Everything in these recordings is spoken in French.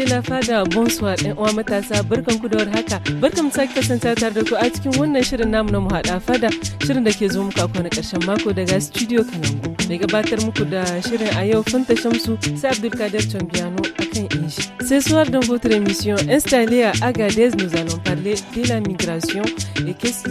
de la fada bonsoir ɗan uwa matasa barkan ku da barka barkan sake kasance tare da ku a cikin wannan shirin namu na muhaɗa fada shirin da ke zo muku a kwana ƙarshen mako daga studio Kalangu mai gabatar muku da shirin a yau Fanta Shamsu sai Abdulkader Chambiano akan inji sai suwar don votre émission installée à Agadez nous allons de la migration et qu'est-ce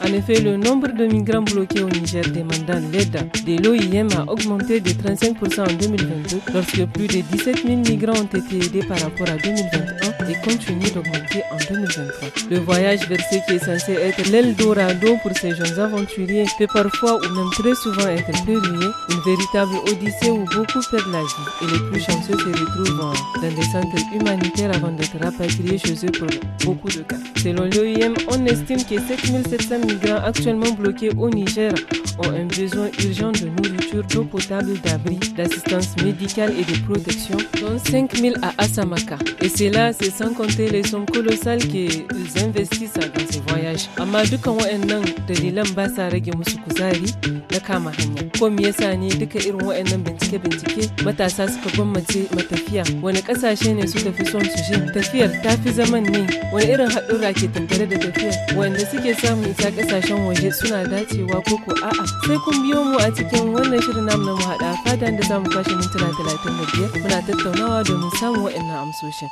en effet le nombre de migrants bloqués au Niger demandant l'aide de l'OIM a augmenté de 35% en 2022 lorsque plus de 17 000 migrants ont été aidés par rapport à 2021 et continue d'augmenter en 2023. Le voyage vers ce qui est censé être l'Eldorado pour ces jeunes aventuriers peut parfois ou même très souvent être périlleux, une véritable odyssée où beaucoup perdent la vie et les plus chanceux se retrouvent dans des centres humanitaires avant d'être rapatriés chez eux pour beaucoup de cas. Selon l'OIM, on estime que 7700 migrants actuellement bloqués au Niger ont un besoin urgent de nourriture, d'eau potable, d'abri, d'assistance médicale et de protection, dont 5000 à Asamaka. Et cela, c'est sans compter les sommes colossales qu'ils investissent dans ces voyages. ba sa rage musu kuzari Ko duka irin mace matafiya wani kasashe ne suka fi son su je tafiyar ta fi zaman ne wani irin haɗura ke tattare da tafiyar wanda suke samun isa kasashen waje suna dacewa ko ko a'a sai kun biyo mu a cikin wannan shirin namu na mu haɗa fatan da zamu kwashe mintuna talatin da biyar muna tattaunawa domin samun waɗannan amsoshin.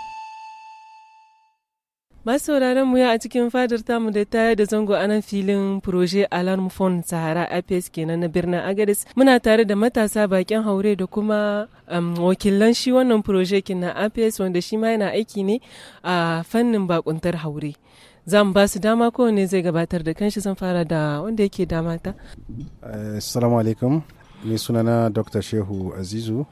Masu mu ya a cikin fadar tamu da ta da zango a nan filin Proje Alarm Phone Sahara IPS kenan na birnin Agadis. Muna tare da matasa bakin haure da kuma um, wakilan shi wannan Proje na IPS wanda shi ma yana aiki ne a fannin bakuntar haure. Zan ba su dama kowane zai gabatar da kanshi zan fara da wanda yake dama ta. Eh, assalamu alaikum. Ni sunana Dr. Shehu Azizu.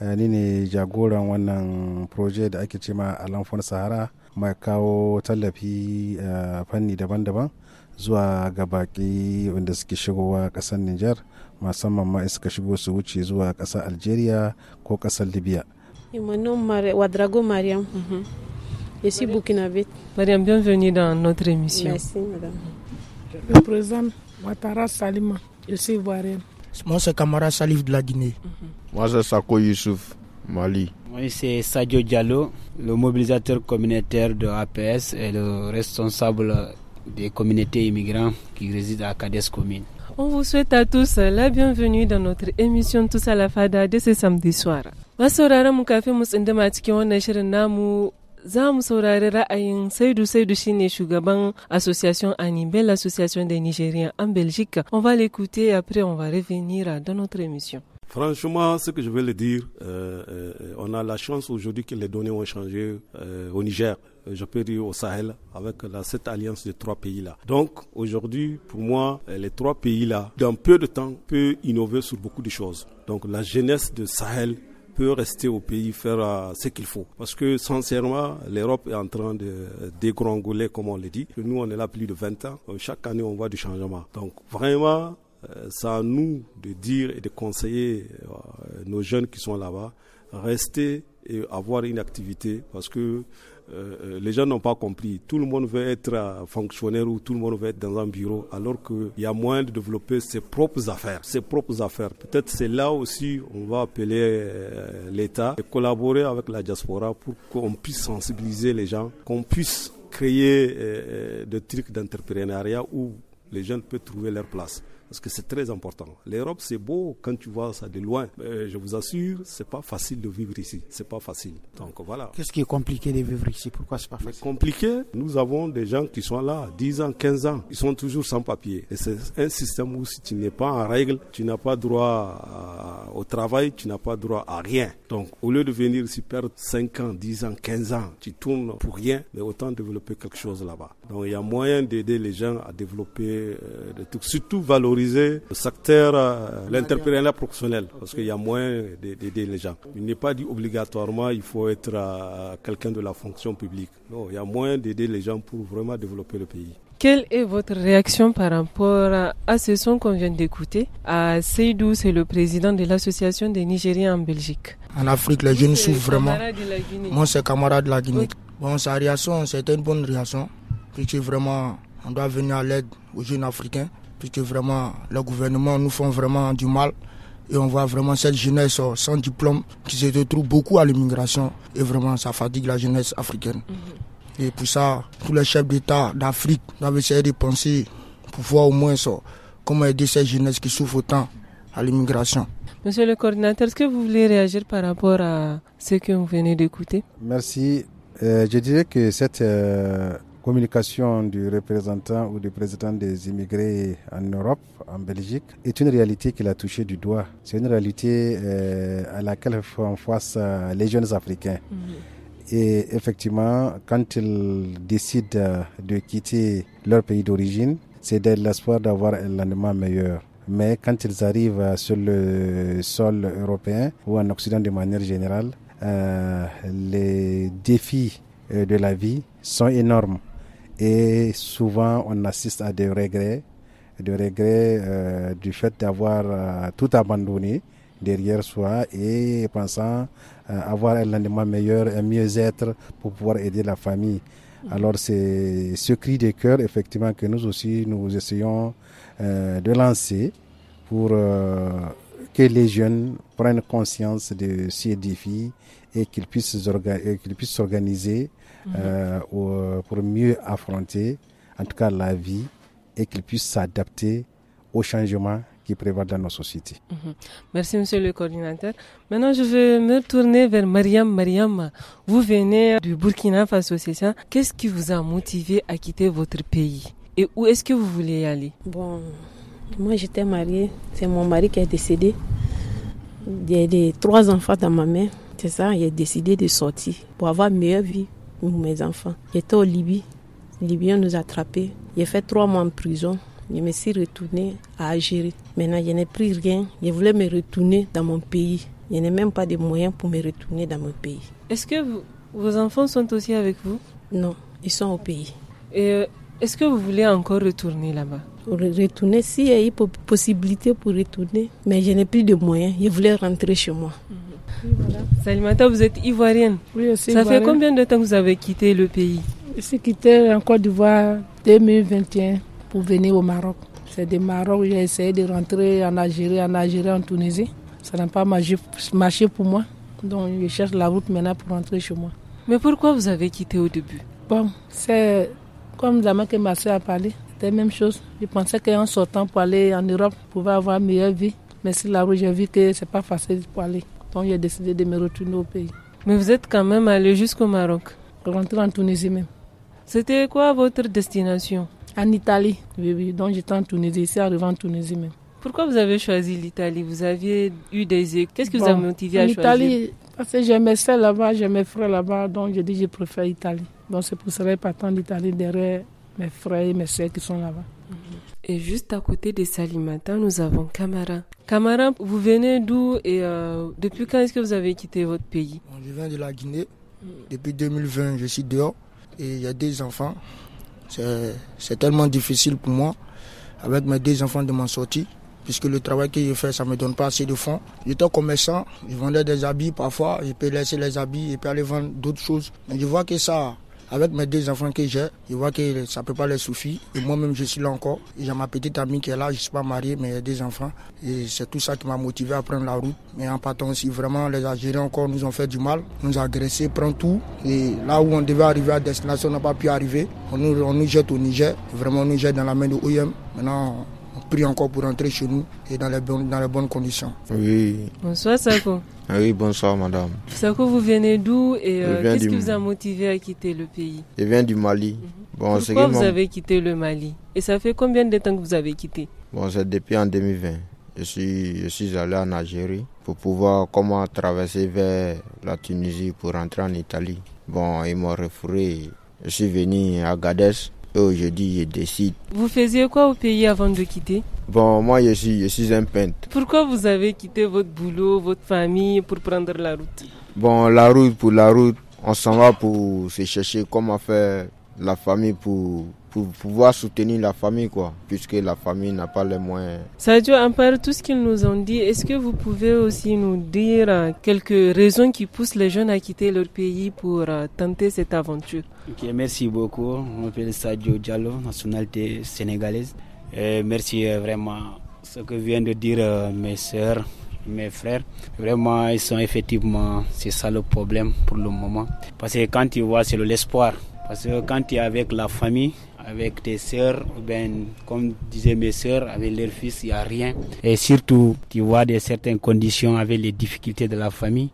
Eh, ni ne jagoran wannan Proje da ake cema alamfon Sahara. mai kawo tallafi a eh, fanni daban-daban zuwa ga baki wanda suke shigowa kasar Nijar musamman ma suka shigo su wuce zuwa kasar Algeria ko kasar Libya. Wadrago Mariam. Mhm. Je suis notre émission. Merci, Moi, c'est Kamara Salif de la Guinée. Moi, c'est Sako Youssouf. Mali. Oui, c'est Sadio Diallo, le mobilisateur communautaire de APS et le responsable des communautés immigrantes qui résident à Cadès Commune. On vous souhaite à tous la bienvenue dans notre émission Tous à la Fada de ce samedi soir. za mu saurari association anibel des nigériens en belgique on va l'écouter après on va revenir dans notre émission Franchement, ce que je veux le dire, euh, euh, on a la chance aujourd'hui que les données ont changé euh, au Niger, je peux dire au Sahel, avec la, cette alliance de trois pays-là. Donc aujourd'hui, pour moi, les trois pays-là, dans peu de temps, peuvent innover sur beaucoup de choses. Donc la jeunesse de Sahel peut rester au pays, faire ce qu'il faut. Parce que sincèrement, l'Europe est en train de dégrangoler, comme on le dit. Nous, on est là plus de 20 ans. Chaque année, on voit du changement. Donc vraiment, euh, c'est à nous de dire et de conseiller euh, nos jeunes qui sont là-bas, rester et avoir une activité parce que euh, les gens n'ont pas compris. Tout le monde veut être fonctionnaire ou tout le monde veut être dans un bureau, alors qu'il y a moyen de développer ses propres affaires. Ses propres affaires. Peut-être c'est là aussi on va appeler l'État et collaborer avec la diaspora pour qu'on puisse sensibiliser les gens, qu'on puisse créer des trucs d'entrepreneuriat où les jeunes peuvent trouver leur place parce que c'est très important. L'Europe, c'est beau quand tu vois ça de loin. Mais je vous assure, c'est pas facile de vivre ici. C'est pas facile. Donc voilà. Qu'est-ce qui est compliqué de vivre ici Pourquoi c'est pas facile Compliqué, nous avons des gens qui sont là 10 ans, 15 ans. Ils sont toujours sans papier. Et c'est un système où si tu n'es pas en règle, tu n'as pas droit au travail, tu n'as pas droit à rien. Donc au lieu de venir ici perdre 5 ans, 10 ans, 15 ans, tu tournes pour rien, mais autant développer quelque chose là-bas. Donc il y a moyen d'aider les gens à développer euh, surtout valoriser favoriser le secteur, euh, l'entrepreneuriat professionnel, parce qu'il y a moins d'aider les gens. Il n'est pas dit obligatoirement il faut être euh, quelqu'un de la fonction publique. Non, il y a moins d'aider les gens pour vraiment développer le pays. Quelle est votre réaction par rapport à ce son qu'on vient d'écouter à Seydou, c'est le président de l'association des Nigériens en Belgique. En Afrique, les jeunes souffrent vraiment. Moi, c'est camarade de la Guinée. Bon, sa réaction, c'était une bonne réaction. Puis vraiment, on doit venir à l'aide aux jeunes africains puisque vraiment, le gouvernement nous font vraiment du mal. Et on voit vraiment cette jeunesse euh, sans diplôme qui se retrouve beaucoup à l'immigration. Et vraiment, ça fatigue la jeunesse africaine. Mhm. Et pour ça, tous les chefs d'État d'Afrique doivent essayer de penser pour voir au moins euh, comment aider cette jeunesse qui souffre autant à l'immigration. Monsieur le coordinateur, est-ce que vous voulez réagir par rapport à ce que vous venez d'écouter Merci. Euh, je dirais que cette communication du représentant ou du président des immigrés en Europe, en Belgique, est une réalité qu'il a touchée du doigt. C'est une réalité euh, à laquelle font face euh, les jeunes Africains. Mhm. Et effectivement, quand ils décident euh, de quitter leur pays d'origine, c'est dans l'espoir d'avoir un lendemain meilleur. Mais quand ils arrivent sur le sol européen ou en Occident de manière générale, les défis de la vie sont énormes. Et souvent, on assiste à des regrets, des regrets euh, du fait d'avoir euh, tout abandonné derrière soi et pensant euh, avoir un lendemain meilleur, un mieux-être pour pouvoir aider la famille. Mhm. Alors c'est ce cri de cœur effectivement que nous aussi nous essayons de lancer pour que les jeunes prennent conscience de ces défis et qu'ils puissent s'organiser euh, pour mieux affronter, en tout cas, la vie et qu'ils puissent s'adapter aux changements qui prévalent dans nos sociétés. Mhm. Merci, monsieur le coordinateur. Maintenant, je vais me tourner vers Mariam. Mariam, vous venez du Burkina Faso, c'est ça Qu'est-ce qui vous a motivé à quitter votre pays Et où est-ce que vous voulez aller Bon, moi, j'étais mariée. C'est mon mari qui est décédé. Il y a des, trois enfants dans ma main. C'est ça, il a décidé de sortir pour avoir une meilleure vie, mes enfants. J'étais au Libye. Les Libyens nous attrapés. J'ai fait trois mois en prison. Je me suis retournée à Algérie. Maintenant, je n'ai pris rien. Je voulais me retourner dans mon pays. Je n'ai même pas de moyens pour me retourner dans mon pays. Est-ce que vos enfants sont aussi avec vous Non, ils sont au pays. Et euh, est-ce que vous voulez encore retourner là-bas retourner, s'il y a eu possibilité pour retourner. Mais je n'ai plus de moyens. Je voulais rentrer chez moi. Salimata, vous êtes ivoirienne. Oui, je Ça fait combien de temps que vous avez quitté le pays Je suis quittée en Côte d'Ivoire 2021 pour venir au Maroc. C'est du Maroc, j'ai essayé de rentrer en Algérie, en Algérie, en Tunisie. Ça n'a pas marché pour moi. Donc je cherche la route maintenant pour rentrer chez moi. Mais pourquoi vous avez quitté au début Bon, c'est comme la main que ma soeur a parlé c'était la même chose. Je pensais qu'en sortant pour aller en Europe, je pouvais avoir une meilleure vie. Mais si la route, j'ai vu que c'est pas facile pour aller. Donc j'ai décidé de me retourner au pays. Mais vous êtes quand même allé jusqu'au Maroc rentrer en Tunisie même. C'était quoi votre destination En Italie. Oui, oui. Donc j'étais en Tunisie, ici arrivé en Tunisie même. Pourquoi vous avez choisi l'Italie Vous aviez eu des Qu'est-ce qui vous avez a motivé à choisir L'Italie, parce que j'ai mes là-bas, j'ai mes frères là-bas, donc je dis je préfère l'Italie. Donc c'est pour ça que partant d'Italie derrière mes frères et mes sœurs qui sont là-bas. Mhm. Et juste à côté de Salimata, nous avons Kamara. Kamara, vous venez d'où et euh, depuis quand est-ce que vous avez quitté votre pays Je viens de la Guinée. Depuis 2020, je suis dehors et il y a deux enfants. C'est tellement difficile pour moi, avec mes deux enfants, de m'en sortir, puisque le travail que je fais, ça ne me donne pas assez de fonds. J'étais commerçant, je vendais des habits parfois, je peux laisser les habits je peux aller vendre d'autres choses. Mais je vois que ça, avec mes deux enfants que j'ai, je vois que ça ne peut pas les suffire. Et moi-même, je suis là encore. J'ai ma petite amie qui est là, je ne suis pas marié, mais j'ai des enfants. Et c'est tout ça qui m'a motivé à prendre la route. Mais en partant, aussi, vraiment les Algériens encore nous ont fait du mal, nous agresser, prennent tout. Et là où on devait arriver à destination, on n'a pas pu arriver. On nous, jette au Niger. Vraiment, on nous jette dans la main de OIM. Maintenant, on prie encore pour rentrer chez nous et dans les bonnes, dans les bonnes conditions. Oui. Bonsoir, Sako. Ah oui, bonsoir madame. Sako, vous venez d'où et euh, qu'est-ce qui vous a motivé à quitter le pays Je viens du Mali. Mhm. Pourquoi vous avez quitté le Mali Et ça fait combien de temps que vous avez quitté Bon, c'est depuis en 2020. Je suis, je suis allé en Algérie pour pouvoir comment traverser vers la Tunisie pour rentrer en Italie. Bon, ils m'ont refouré. Je suis venu à Gadès Aujourd'hui, je décide. Vous faisiez quoi au pays avant de quitter Bon, moi, je suis, je suis un peintre. Pourquoi vous avez quitté votre boulot, votre famille pour prendre la route Bon, la route, pour la route, on s'en va pour se chercher comment faire la famille pour pour pouvoir soutenir la famille, quoi, puisque la famille n'a pas les moyens. Sadio, en part tout ce qu'ils nous ont dit, est-ce que vous pouvez aussi nous dire euh, quelques raisons qui poussent les jeunes à quitter leur pays pour euh, tenter cette aventure Ok, merci beaucoup. Je m'appelle Sadio Diallo, nationalité sénégalaise. merci euh, vraiment ce que viennent de dire mes soeurs, mes frères. Vraiment, ils sont effectivement, c'est ça le problème pour le moment. Parce que quand tu vois, c'est l'espoir. Parce que quand tu es avec la famille, avec tes sœurs, comme disaient mes sœurs, avec leurs fils, il n'y a rien. Et surtout, tu vois, des certaines conditions avec les difficultés de la famille.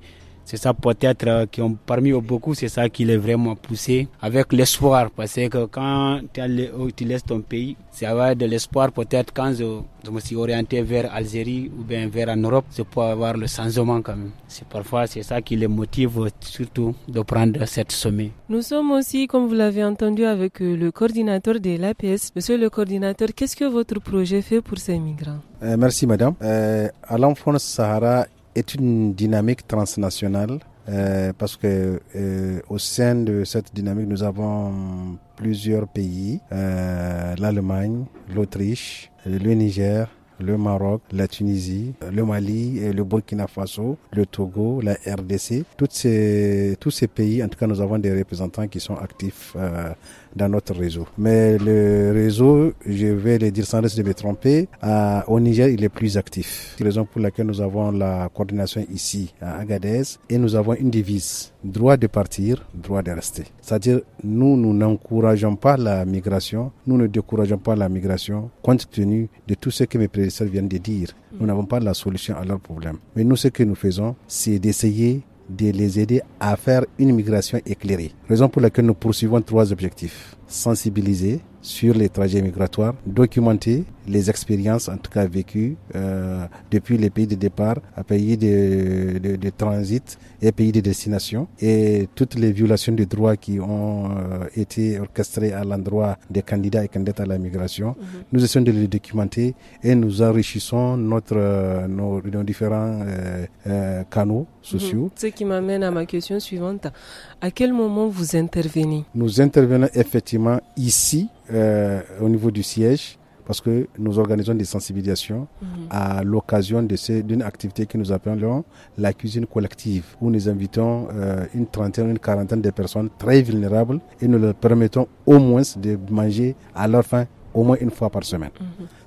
C'est ça peut-être euh, qui ont parmi beaucoup, c'est ça qui l'a vraiment poussé avec l'espoir. Parce que quand tu laisses ton pays, c'est avoir de l'espoir. Peut-être quand je, me suis orienté vers Algérie ou bien vers en Europe, c'est avoir le changement quand même. C'est parfois c'est ça qui les motive surtout de prendre cette sommet. Nous sommes aussi, comme vous l'avez entendu, avec euh, le coordinateur de l'APS. Monsieur le coordinateur, qu'est-ce que votre projet fait pour ces migrants euh, Merci madame. Euh, à Sahara, est une dynamique transnationale euh, parce que euh, au sein de cette dynamique, nous avons plusieurs pays, euh, l'Allemagne, l'Autriche, le Niger, le Maroc, la Tunisie, le Mali, et le Burkina Faso, le Togo, la RDC. Toutes ces, tous ces pays, en tout cas, nous avons des représentants qui sont actifs euh, dans notre réseau. Mais le réseau, je vais le dire sans risque de me tromper, à, au Niger, il est plus actif. C'est la raison pour laquelle nous avons la coordination ici à Agadez et nous avons une devise droit de partir, droit de rester. C'est-à-dire, nous, nous n'encourageons pas la migration, nous ne décourageons pas la migration, compte tenu de tout ce que mes prédécesseurs viennent de dire. Nous mm. n'avons pas la solution à leur problème. Mais nous, ce que nous faisons, c'est d'essayer de les aider à faire une migration éclairée. Raison pour laquelle nous poursuivons trois objectifs. Sensibiliser, sur les trajets migratoires, documenter les expériences en tout cas vécues euh, depuis les pays de départ à pays de, de, de, transit et pays de destination et toutes les violations de droits qui ont euh, été orchestrées à l'endroit des candidats et candidates à la migration. Mhm. Nous essayons de les documenter et nous enrichissons notre, euh, nos, différents euh, canaux sociaux. Mhm. Ce qui m'amène à ma question suivante. À quel moment vous intervenez Nous intervenons effectivement ici euh, au niveau du siège, parce que nous organisons des sensibilisations mhm. à l'occasion d'une activité que nous appelons la cuisine collective, où nous invitons euh, une trentaine, une quarantaine de personnes très vulnérables et nous leur permettons au moins de manger à leur faim au moins une fois par semaine.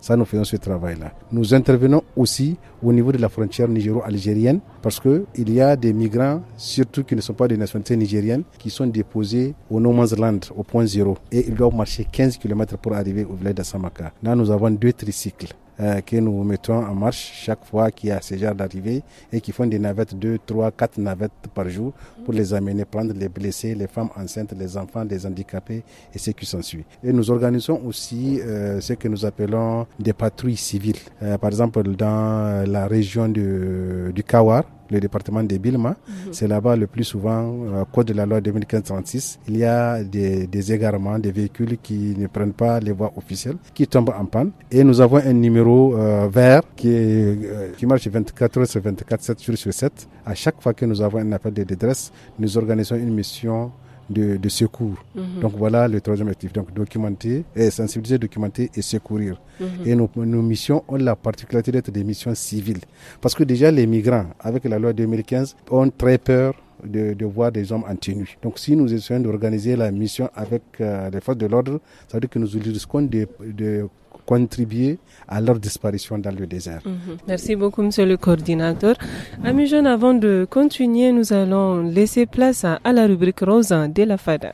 Ça, nous faisons ce travail-là. Nous intervenons aussi au niveau de la frontière nigéro-algérienne parce qu'il y a des migrants, surtout qui ne sont pas de nationalité nigérienne, qui sont déposés au No Man's Land, au point zéro. Et ils doivent marcher 15 km pour arriver au village d'Assamaka. Là, nous avons deux tricycles euh, que nous mettons en marche chaque fois qu'il y a ces gens d'arrivée et qui font des navettes, deux trois quatre navettes par jour pour les amener prendre les blessés, les femmes enceintes, les enfants, les handicapés et ceux qui suivent. Et nous organisons aussi euh, ce que nous appelons des patrouilles civiles. Euh, par exemple, dans la région de, du Kawar, le département de Bilma. Mhm. C'est là-bas le plus souvent, euh, code de la loi 2015-36, il y a des, des, égarements, des véhicules qui ne prennent pas les voies officielles, qui tombent en panne. Et nous avons un numéro euh, vert qui, euh, qui marche 24 heures sur 24, 7 jours sur 7. À chaque fois que nous avons un appel de détresse, nous organisons une mission de, secours. Mhm. Donc voilà le troisième objectif. Donc documenter, et eh, sensibiliser, documenter et secourir. Mhm. Et nos, nos, missions ont la particularité d'être des missions civiles. Parce que déjà les migrants, avec la loi 2015, ont très peur. De, voir des hommes en tenue. Donc si nous essayons d'organiser la mission avec les euh, forces de l'ordre, ça veut dire que nous risquons de contribuer à leur disparition dans le désert. Mhm. Merci beaucoup, monsieur le coordinateur. Amis jeunes, avant de continuer, nous allons laisser place à, à la rubrique rose de la FADA.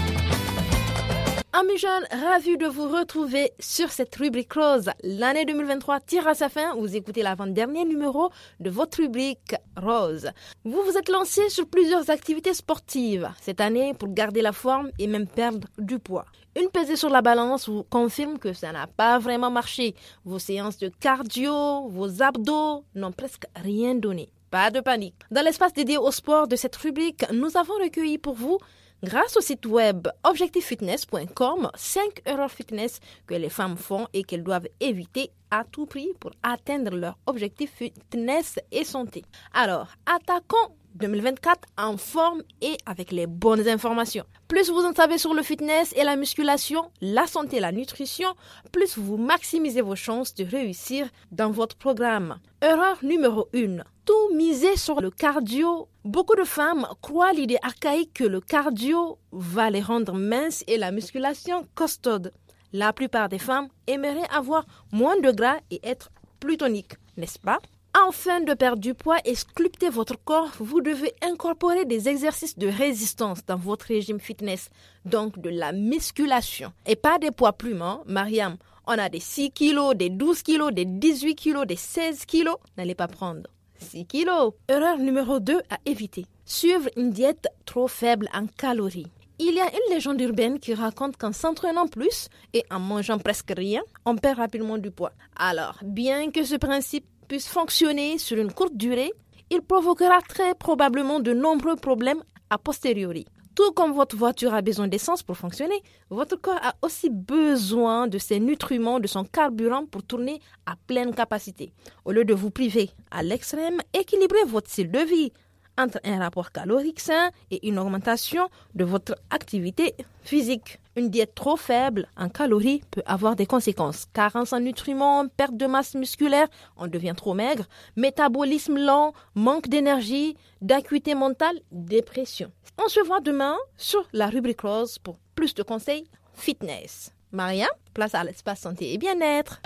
Amis jeunes, ravi de vous retrouver sur cette rubrique rose. L'année 2023 tire à sa fin. Vous écoutez l'avant-dernier numéro de votre rubrique rose. Vous vous êtes lancé sur plusieurs activités sportives cette année pour garder la forme et même perdre du poids. Une pesée sur la balance vous confirme que ça n'a pas vraiment marché. Vos séances de cardio, vos abdos n'ont presque rien donné. Pas de panique. Dans l'espace dédié au sport de cette rubrique, nous avons recueilli pour vous Grâce au site web objectiffitness.com, 5 erreurs fitness que les femmes font et qu'elles doivent éviter à tout prix pour atteindre leur objectif fitness et santé. Alors, attaquons 2024 en forme et avec les bonnes informations. Plus vous en savez sur le fitness et la musculation, la santé et la nutrition, plus vous maximisez vos chances de réussir dans votre programme. Erreur numéro 1. Tout miser sur le cardio. Beaucoup de femmes croient l'idée archaïque que le cardio va les rendre minces et la musculation costaude. La plupart des femmes aimeraient avoir moins de gras et être plus toniques, n'est-ce pas Enfin de perdre du poids et sculpter votre corps, vous devez incorporer des exercices de résistance dans votre régime fitness, donc de la musculation. Et pas des poids plumes, Mariam. On a des 6 kilos, des 12 kilos, des 18 kilos, des 16 kilos. N'allez pas prendre 6 kilos. Erreur numéro 2 à éviter. Suivre une diète trop faible en calories. Il y a une légende urbaine qui raconte qu'en s'entraînant plus et en mangeant presque rien, on perd rapidement du poids. Alors, bien que ce principe puisse fonctionner sur une courte durée, il provoquera très probablement de nombreux problèmes a posteriori. Tout comme votre voiture a besoin d'essence pour fonctionner, votre corps a aussi besoin de ses nutriments, de son carburant pour tourner à pleine capacité. Au lieu de vous priver à l'extrême, équilibrez votre style de vie entre un rapport calorique sain et une augmentation de votre activité physique. Une diète trop faible en calories peut avoir des conséquences. Carence en nutriments, perte de masse musculaire, on devient trop maigre, métabolisme lent, manque d'énergie, d'acuité mentale, dépression. On se voit demain sur la rubrique rose pour plus de conseils fitness. Maria, place à l'espace santé et bien-être.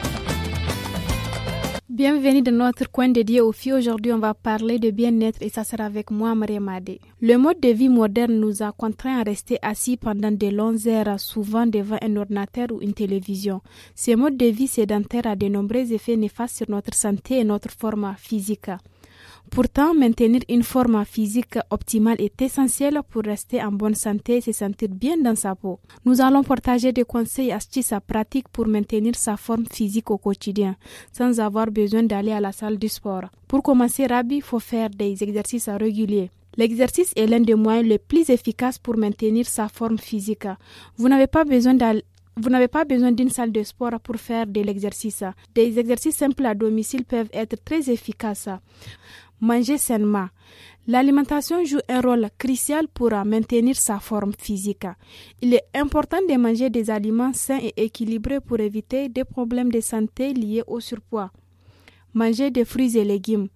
Bienvenue dans notre coin dédié aux filles. Aujourd'hui, on va parler de bien-être et ça sera avec moi, Marie-Madé. Le mode de vie moderne nous a contraints à rester assis pendant de longues heures, souvent devant un ordinateur ou une télévision. Ce mode de vie sédentaire a de nombreux effets néfastes sur notre santé et notre forme physique. Pourtant, maintenir une forme physique optimale est essentiel pour rester en bonne santé et se sentir bien dans sa peau. Nous allons partager des conseils et astuces à pratique pour maintenir sa forme physique au quotidien, sans avoir besoin d'aller à la salle du sport. Pour commencer, Rabi, il faut faire des exercices réguliers. L'exercice est l'un des moyens les plus efficaces pour maintenir sa forme physique. Vous n'avez vous n'avez pas besoin d'une salle de sport pour faire de l'exercice. Des exercices simples à domicile peuvent être très efficaces manger sainement. L'alimentation joue un rôle crucial pour maintenir sa forme physique. Il est important de manger des aliments sains et équilibrés pour éviter des problèmes de santé liés au surpoids. Manger des fruits et légumes,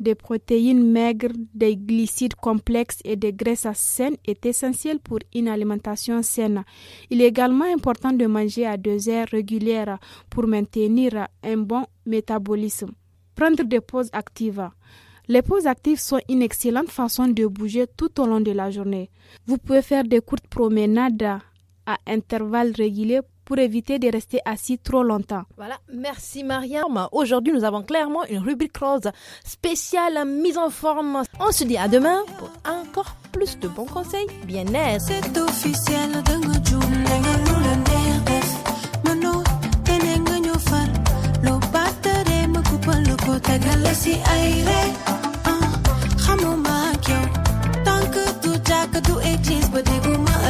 des protéines maigres, des glycides complexes et des graisses saines est essentiel pour une alimentation saine. Il est également important de manger à deux heures régulières pour maintenir un bon métabolisme. Prendre des pauses actives. Les pauses actives sont une excellente façon de bouger tout au long de la journée. Vous pouvez faire des courtes promenades à intervalles réguliers pour éviter de rester assis trop longtemps. Voilà, merci Mariam. Aujourd'hui, nous avons clairement une rubrique rose spéciale mise en forme. On se dit à demain pour encore plus de bons conseils bien-être. officiel de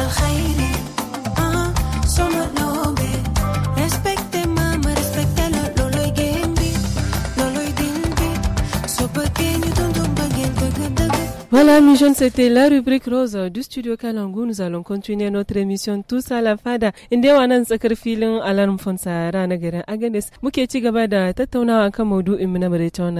الخير Voilà, mes jeunes, c'était la rubrique rose euh, du studio Kalangu. Nous allons continuer notre émission tous à la fada. tsakar filin alarm fonsa rana Muke ci gaba da tattaunawa kan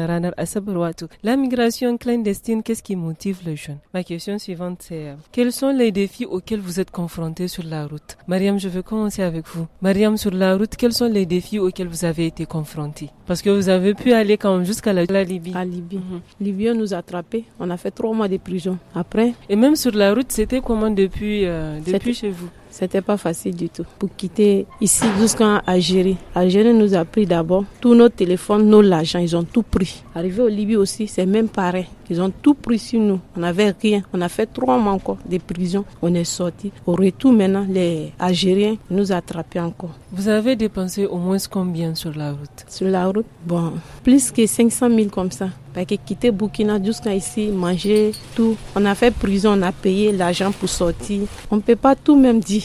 ranar Asabar wato la migration clandestine qu'est-ce qui motive les jeunes. Ma question suivante c'est euh, quels sont les défis auxquels vous êtes confrontés sur la route Mariam, je veux commencer avec vous. Mariam, sur la route, quels sont les défis auxquels vous avez été confrontés Parce que vous avez pu aller quand jusqu'à la, Libye. À Libye. Mhm. Libye nous a attrapés. On a fait trois mois des prisons après. Et même sur la route, c'était comment depuis, euh, depuis chez vous c'était pas facile du tout. Pour quitter ici jusqu'en Algérie. Algérie nous a pris d'abord tous nos téléphones, nos l'argent, ils ont tout pris. Arrivé au Libye aussi, c'est même pareil. Ils ont tout pris sur nous. On n'avait rien. On a fait trois mois encore de prison. On est sorti. Au retour maintenant, les Algériens nous attrapaient encore. Vous avez dépensé au moins combien sur la route Sur la route, bon, plus que 500 000 comme ça. Parce que quitter Burkina jusqu'à ici, manger, tout. On a fait prison, on a payé l'argent pour sortir. On ne peut pas tout même dire.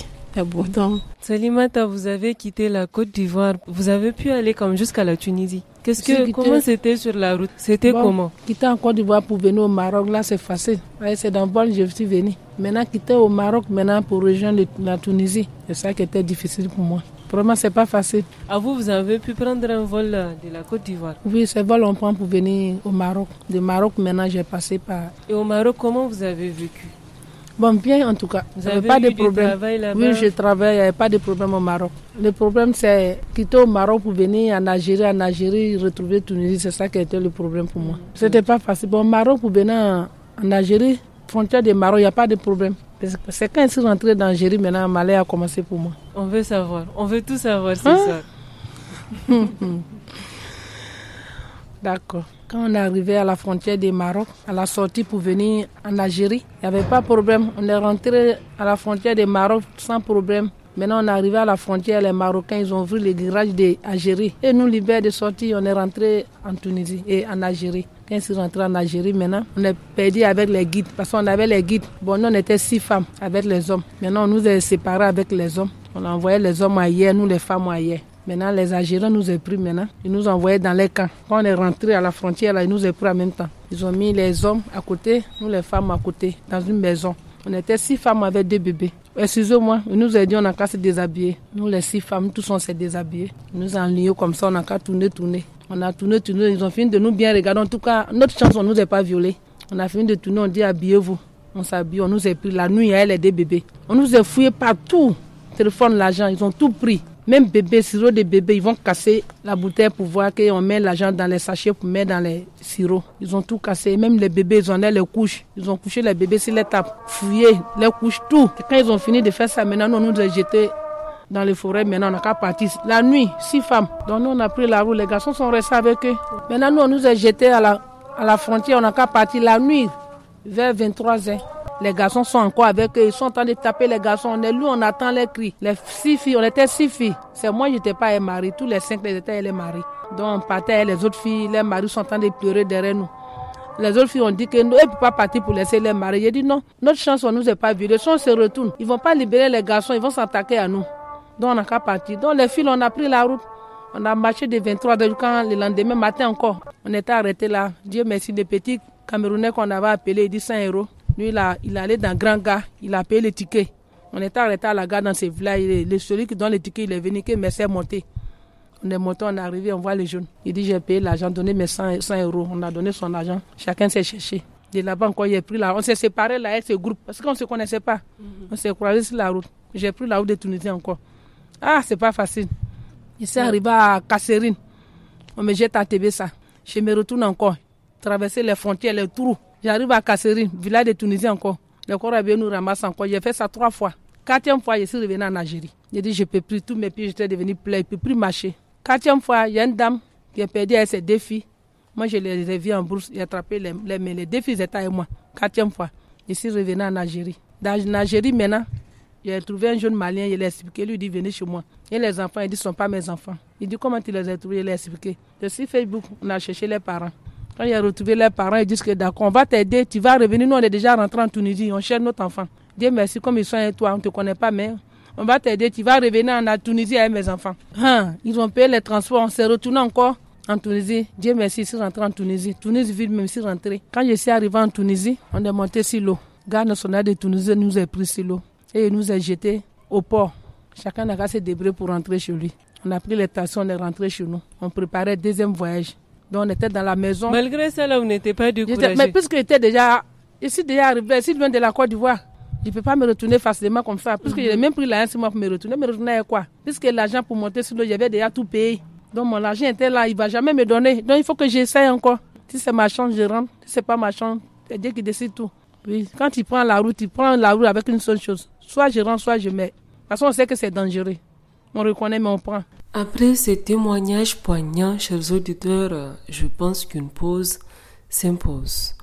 Salimata, vous avez quitté la Côte d'Ivoire. Vous avez pu aller comme jusqu'à la Tunisie. Qu'est-ce que, comment c'était sur la route C'était comment Quitter en Côte d'Ivoire pour venir au Maroc, là, c'est facile. C'est dans vol, je suis venu. Maintenant, quitter au Maroc, maintenant, pour rejoindre la Tunisie, c'est ça qui était difficile pour moi. Vraiment, c'est pas facile. À vous, vous avez pu prendre un vol euh, de la Côte d'Ivoire Oui, ce vol, on prend pour venir au Maroc. De Maroc, maintenant, j'ai passé par. Et au Maroc, comment vous avez vécu Bon, bien en tout cas. Vous n'avez pas de problème. Oui, je travaille, il n'y avait pas de problème au Maroc. Le problème, c'est quitter au Maroc pour venir en Algérie, en Algérie, retrouver Tunisie. C'est ça qui était le problème pour moi. Mm. C'était pas facile. Bon, Maroc pour venir en, Algérie, frontière du Maroc, il n'y a pas de problème. C'est quand je suis rentré dans Algérie, maintenant, Malais a commencé pour moi. On veut savoir. On veut tout savoir, c'est hein? ça. D'accord. Quand on est arrivé à la frontière du Maroc, à la sortie pour venir en Algérie, il n'y avait pas de problème. On est rentré à la frontière du Maroc sans problème. Maintenant, on est arrivé à la frontière, les Marocains, ont ouvert les de d'Algérie. Et nous, libère de sortie, on est rentré en Tunisie et en Algérie. Quand ils sont rentrés en Algérie, maintenant, on est perdu avec les guides. Parce qu'on avait les guides. Bon, nous, on était six femmes avec les hommes. Maintenant, on nous est séparés avec les hommes. On a envoyé les hommes ailleurs, nous, les femmes ailleurs. Maintenant, les Algériens nous ont pris maintenant. Ils nous ont envoyés dans les camps. Quand on est rentré à la frontière, là, ils nous ont pris en même temps. Ils ont mis les hommes à côté, nous les femmes à côté, dans une maison. On était six femmes avec deux bébés. Excusez-moi, ils nous ont dit on a qu'à se déshabiller. Nous, les six femmes, tous on s'est déshabillés. Ils nous ont comme ça, on a qu'à tourner, tourner. On a tourné, tourné, ils ont fini de nous bien regarder. En tout cas, notre chance, on ne nous est pas violés. On a fini de tourner, on dit habillez-vous. On s'habille, on nous a pris la nuit, elle et deux bébés. On nous a fouillé partout. Téléphone, l'argent, ils ont tout pris. Même bébé, sirop de bébé, ils vont casser la bouteille pour voir qu'on met l'argent dans les sachets pour mettre dans les sirops. Ils ont tout cassé. Même les bébés, ils ont les couches. Ils ont couché les bébés sur les tables, fouillé les couches, tout. quand ils ont fini de faire ça, maintenant, nous, nous a jetés dans les forêts. Maintenant, on n'a qu'à partir. La nuit, six femmes. Donc, nous, on a pris la roue. Les garçons sont restés avec eux. Maintenant, nous, on nous a jetés à la, à la frontière. On n'a qu'à partir la nuit vers 23 h les garçons sont encore avec eux. Ils sont en train de taper les garçons. On est lourd, on attend les cris. Les six filles, on était six filles. C'est moi, je n'étais pas mariée. Tous les cinq, les étaient les maris. Donc on partait, les autres filles, les maris sont en train de pleurer derrière nous. Les autres filles ont dit que qu'elles ne peuvent pas partir pour laisser les maris. J'ai dit non, notre chance, on ne nous est pas vu, les on se retourne, ils ne vont pas libérer les garçons, ils vont s'attaquer à nous. Donc on n'a qu'à partir. Donc les filles, on a pris la route. On a marché de 23 quand le lendemain matin encore. On était arrêté là. Dieu merci, des petits Camerounais qu'on avait appelés, ils disent 100 euros. Lui, il, il allait dans Grand gars, il a payé le ticket. On était arrêté à la gare dans ces villages. Le, celui qui donne le ticket, il est venu, que c'est monté. On est monté, on est arrivé, on voit les jeunes. Il dit J'ai payé l'argent, donné mes 100, euros. On a donné son argent. Chacun s'est cherché. De là-bas, encore, il a pris là On s'est séparé là avec ce groupe parce qu'on ne se connaissait pas. Mhm. On s'est croisé sur la route. J'ai pris la route de Tunisie encore. Ah, c'est pas facile. Il s'est arrivé à Kasserine. On me jette à ça. Je me retourne encore. Traverser les frontières, les trous. J'arrive à Kasserine, village de Tunisie encore. Le corps bien nous ramasse encore. J'ai fait ça trois fois. Quatrième fois, je suis revenu en Algérie. J'ai dit, je peux plus, tous mes pieds, j'étais devenu plein, je peux plus marcher. Quatrième fois, il y a une dame qui a perdu ses deux filles. Moi, je les ai reviens en bourse, j'ai attrapé les, les deux filles étaient avec moi. Quatrième fois, je suis revenu en Algérie. Dans l'Algérie maintenant, j'ai trouvé un jeune malien, je l'ai expliqué, il lui dit venez chez moi. Et les enfants, il dit ce ne sont pas mes enfants. Il dit comment tu les as trouvés, je l'ai expliqué. suis Facebook, on a cherché les parents. Quand ils ont retrouvé leurs parents, ils disent que d'accord, on va t'aider, tu vas revenir. Nous, on est déjà rentrés en Tunisie, on cherche notre enfant. Dieu merci, comme ils sont avec toi, on ne te connaît pas, mais on va t'aider, tu vas revenir en Tunisie avec mes enfants. Hein, ils ont payé les transports, on s'est retourné encore en Tunisie. Dieu merci, ils sont rentrés en Tunisie. Tunisie ville, même si rentré. Quand je suis arrivé en Tunisie, on est monté sur l'eau. Garde nationale de Tunisie nous a pris sur l'eau et nous a jetés au port. Chacun a cassé des débris pour rentrer chez lui. On a pris les tasses, on est rentré chez nous. On préparait le deuxième voyage. Donc on était dans la maison. Malgré cela, vous n'étiez pas du découragé. Mais puisque j'étais déjà, ici déjà arrivé, si loin de la Côte d'Ivoire, je ne peux pas me retourner facilement comme ça. Puisque mhm. j'ai même pris hein, moi pour me retourner. Me retourner à quoi Puisque l'argent pour monter sur l'eau, j'avais déjà tout payé. Donc mon argent était là, il ne va jamais me donner. Donc il faut que j'essaye encore. Si c'est ma chance, je rentre. Si ce n'est pas ma chance, c'est Dieu qui décide tout. Oui, quand il prend la route, il prend la route avec une seule chose. Soit je rentre, soit je mets. Parce qu'on sait que c'est dangereux. On reconnaît, mais on prend. Après ces témoignages poignants, chers auditeurs, je pense qu'une pause s'impose.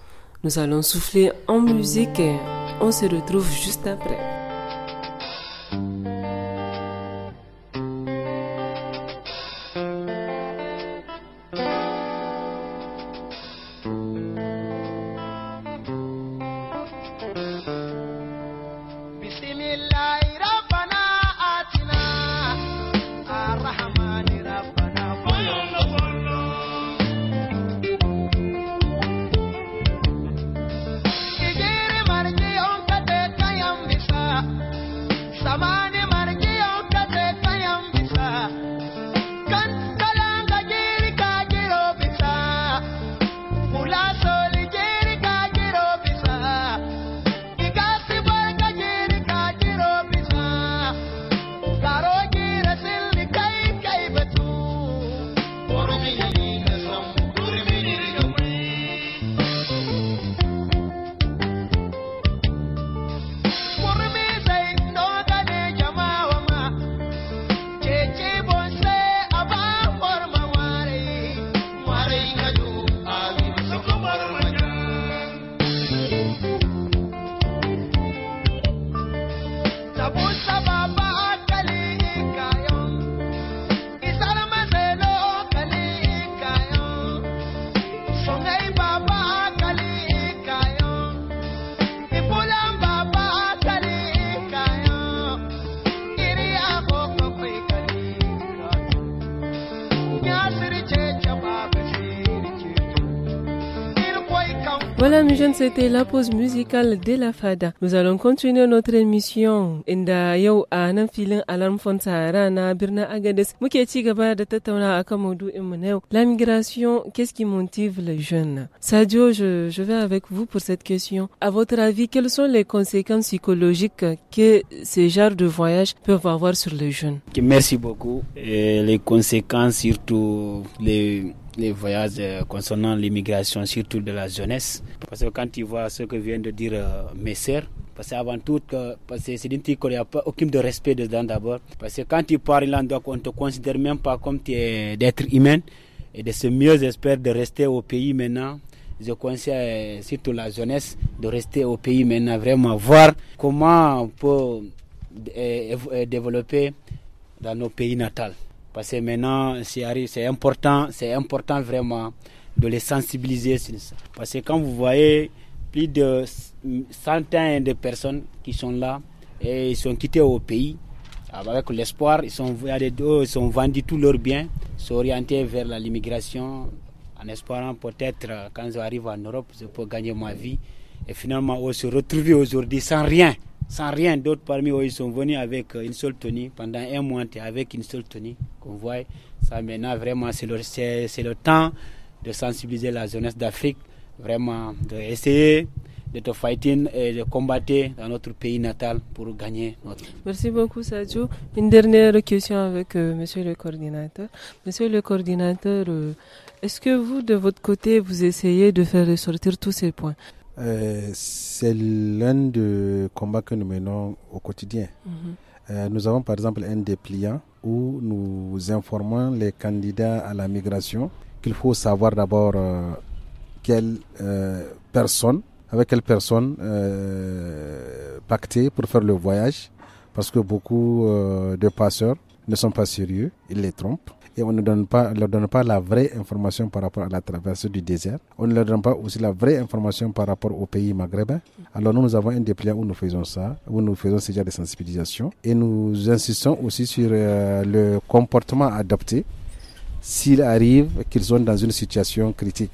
Nous allons souffler en musique et on se retrouve juste après. c'était la pause musicale de la FADA. Nous allons continuer notre émission. La migration, qu'est-ce qui motive les jeunes? Sadio, je, vais avec vous pour cette question. À votre avis, quelles sont les conséquences psychologiques que ces genres de voyages peuvent avoir sur les jeunes? Merci beaucoup. les conséquences, surtout les les voyages euh, concernant l'immigration, surtout de la jeunesse. Parce que quand tu vois ce que vient de dire euh, mes sœurs, parce qu'avant tout, c'est une truc qu'il n'y a pas aucun de respect dedans d'abord. Parce que quand tu parles on on ne te considère même pas comme d'être humain et de ce mieux espère de rester au pays maintenant. Je conseille euh, surtout la jeunesse de rester au pays maintenant, vraiment voir comment on peut développer dans nos pays natals. Parce que maintenant, c'est important, c'est important vraiment de les sensibiliser Parce que quand vous voyez plus de centaines de personnes qui sont là et ils sont quittés au pays, ah, avec l'espoir, ils sont, ils sont vendus tous leurs biens, sont orientés vers l'immigration en espérant peut-être euh, quand ils arrivent en Europe, je peux gagner ma vie. Et finalement, on se retrouve aujourd'hui sans rien sans rien d'autre parmi eux. Ils sont venus avec euh, une seule tenue pendant un mois, et avec une seule tenue qu'on voit. Ça, maintenant, vraiment, c'est le, temps de sensibiliser la jeunesse d'Afrique, vraiment, d'essayer de te fighting et de combattre dans notre pays natal pour gagner notre. Merci beaucoup, Sadio. Une dernière question avec euh, monsieur le coordinateur. Monsieur le coordinateur, euh, est-ce que vous, de votre côté, vous essayez de faire ressortir tous ces points euh, c'est l'un des combats que nous menons au quotidien. Mhm. Euh, nous avons par exemple un dépliant où nous informons les candidats à la migration qu'il faut savoir d'abord euh, personne, avec quelle personne pacter pour faire le voyage, parce que beaucoup de passeurs ne sont pas sérieux, ils les trompent et on ne donne pas, leur donne pas la vraie information par rapport à la traversée du désert. On ne leur donne pas aussi la vraie information par rapport au pays maghrébin. Alors nous, nous avons un dépliant où nous faisons ça, où nous faisons ce genre de sensibilisation et nous insistons aussi sur euh, le comportement adopté s'il arrive qu'ils sont dans une situation critique.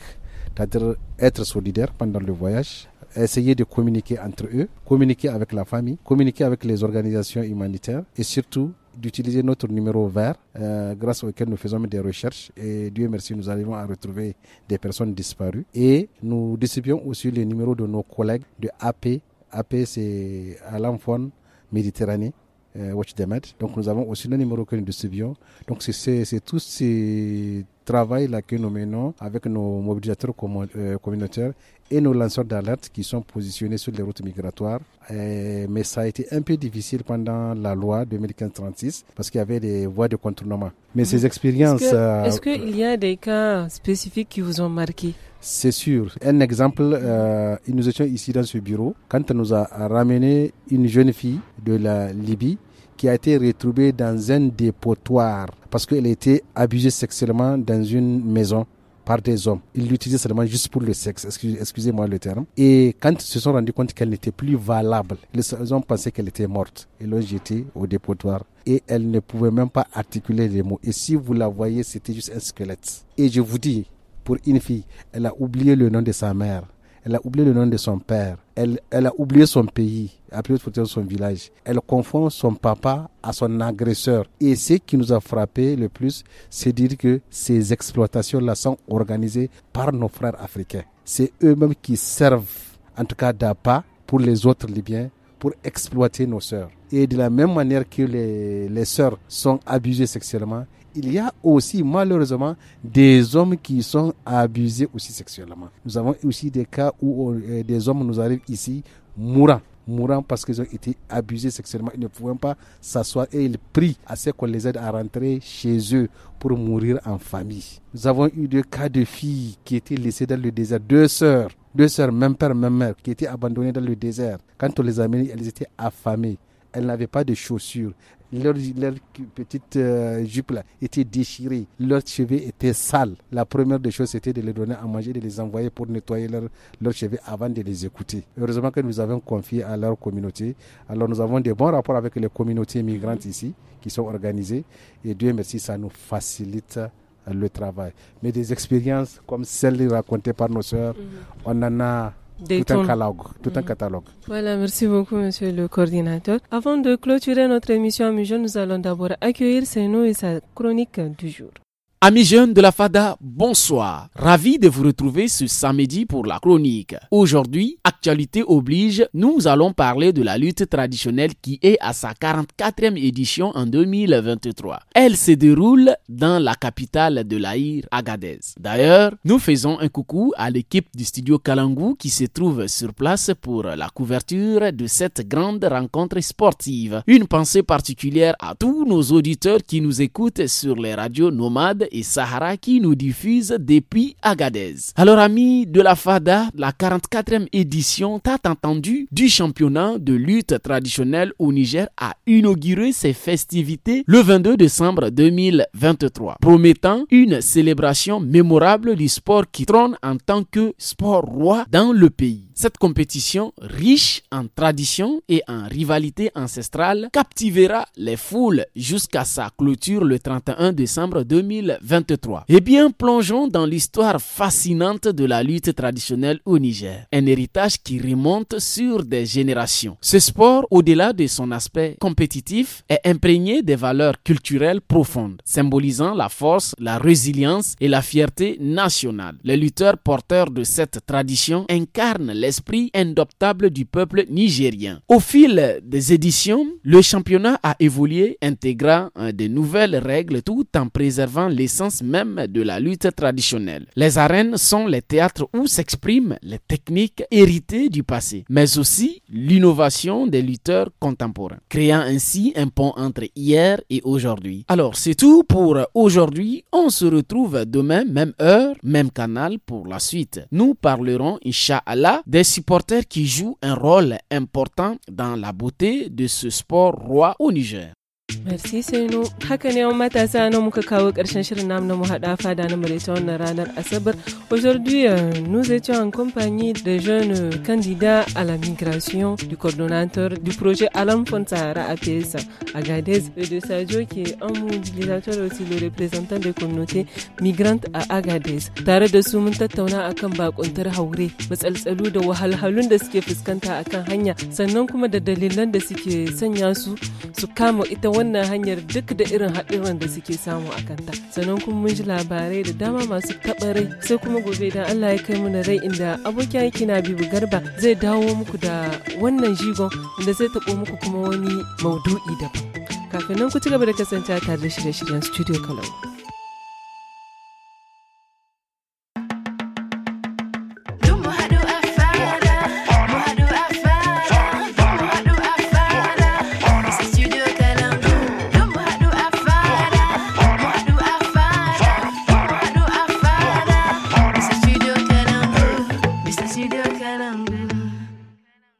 C'est-à-dire être solidaire pendant le voyage, essayer de communiquer entre eux, communiquer avec la famille, communiquer avec les organisations humanitaires et surtout d'utiliser notre numéro vert euh, grâce auquel nous faisons des recherches et Dieu merci nous arrivons à retrouver des personnes disparues et nous distribuons aussi les numéros de nos collègues de AP. AP c'est à l'enfant Méditerranée. Euh, Watch the Donc nous avons aussi le numéro que nous distribuons. Donc c'est tout ce travail-là que nous menons avec nos mobilisateurs euh, communautaires et nos lanceurs d'alerte qui sont positionnés sur les routes migratoires. Eh, mais ça a été un peu difficile pendant la loi 2015-36 parce qu'il y avait des voies de contournement. Mais mhm. ces expériences... Euh, est-ce qu'il y a des cas spécifiques qui vous ont marqué c'est sûr. Un exemple, euh, nous étions ici dans ce bureau quand on nous a ramené une jeune fille de la Libye qui a été retrouvée dans un dépotoir parce qu'elle a été abusée sexuellement dans une maison par des hommes. Ils l'utilisaient seulement juste pour le sexe, excusez-moi le terme. Et quand ils se sont rendus compte qu'elle n'était plus valable, ils ont pensé qu'elle était morte et l'ont jetée au dépotoir. Et elle ne pouvait même pas articuler les mots. Et si vous la voyez, c'était juste un squelette. Et je vous dis, pour une fille, elle a oublié le nom de sa mère elle a oublié le nom de son père. Elle, a oublié son pays, a appelé de son village. Elle confond son papa à son agresseur. Et ce qui nous a frappé le plus, c'est dire que ces exploitations-là sont organisées par nos frères africains. C'est eux-mêmes qui servent, en tout cas d'appât, pour les autres Libyens, pour exploiter nos sœurs. Et de la même manière que les, les sœurs sont abusées sexuellement, il y a aussi malheureusement des hommes qui sont abusés aussi sexuellement. Nous avons aussi des cas où euh, des hommes nous arrivent ici mourants mourant parce qu'ils ont été abusés sexuellement. Ils ne pouvaient pas s'asseoir et ils prient à ce qu'on les aide à rentrer chez eux pour mourir en famille. Nous avons eu deux cas de filles qui étaient laissées dans le désert, deux sœurs, deux sœurs, même père, même mère, qui étaient abandonnées dans le désert. Quand on les a amenées, elles étaient affamées. Elles n'avaient pas de chaussures, leur, petite euh, jupe était déchirée, leurs cheveux étaient sales. La première des choses, c'était de les donner à manger, de les envoyer pour nettoyer leurs leur cheveux avant de les écouter. Heureusement que nous avons confié à leur communauté. Alors nous avons des bons rapports avec les communautés migrantes ici qui sont organisées. Et Dieu merci, ça nous facilite euh, le travail. Mais des expériences comme celles racontées par nos soeurs, mhm. on en a tout, un catalogue, tout un catalogue. Voilà, merci beaucoup, monsieur le coordinateur. Avant de clôturer notre émission Amis Jeunes, nous allons d'abord accueillir Seno et sa chronique du jour. Amis jeunes de la FADA, bonsoir. Ravi de vous retrouver ce samedi pour la chronique. Aujourd'hui, à oblige, nous allons parler de la lutte traditionnelle qui est à sa 44e édition en 2023. Elle se déroule dans la capitale de l'Aïr, Agadez. D'ailleurs, nous faisons un coucou à l'équipe du studio Kalangu qui se trouve sur place pour la couverture de cette grande rencontre sportive. Une pensée particulière à tous nos auditeurs qui nous écoutent sur les radios nomades et Sahara qui nous diffusent depuis Agadez. Alors amis de la FADA, la 44e édition t'as entendu, du championnat de lutte traditionnelle au Niger a inauguré ses festivités le 22 décembre 2023, promettant une célébration mémorable du sport qui trône en tant que sport roi dans le pays. Cette compétition, riche en tradition et en rivalité ancestrale, captivera les foules jusqu'à sa clôture le 31 décembre 2023. Eh bien, plongeons dans l'histoire fascinante de la lutte traditionnelle au Niger. Un héritage qui qui remonte sur des générations. Ce sport, au-delà de son aspect compétitif, est imprégné des valeurs culturelles profondes, symbolisant la force, la résilience et la fierté nationale. Les lutteurs porteurs de cette tradition incarnent l'esprit indoptable du peuple nigérien. Au fil des éditions, le championnat a évolué, intégrant euh, de nouvelles règles tout en préservant l'essence même de la lutte traditionnelle. Les arènes sont les théâtres où s'expriment les techniques héritées du passé, mais aussi l'innovation des lutteurs contemporains, créant ainsi un pont entre hier et aujourd'hui. Alors c'est tout pour aujourd'hui, on se retrouve demain, même heure, même canal pour la suite. Nous parlerons, Inch'Allah, des supporters qui jouent un rôle important dans la beauté de ce sport roi au Niger. Merci Sainu, haka ne matasa nan muka kawo ƙarshen shirin namu na mu haɗa fada na wannan ranar Asabar. Aujourd'hui, euh, nous étions en compagnie de jeunes candidats à la migration du coordonnateur du projet Alam Fontara APS à Gadez et de Sadio qui est un mobilisateur aussi le représentant des communautés migrantes à Agadez. Tare da su mun tattauna akan bakuntar haure, matsaltsalu da wahalhalun da suke fuskanta akan hanya, sannan kuma da dalilan da suke sanya su su kama wannan hanyar duk da irin haɗuran da suke samu a kanta sannan kuma mun ji labarai da dama masu taɓa sai kuma gobe idan Allah ya kai mana rai inda abokin aiki na bibu garba zai dawo muku da wannan jigon da zai taɓo muku kuma wani maudu'i daban kafin nan ku ci gaba da kasancewa tare da shirye-shiryen studio kalau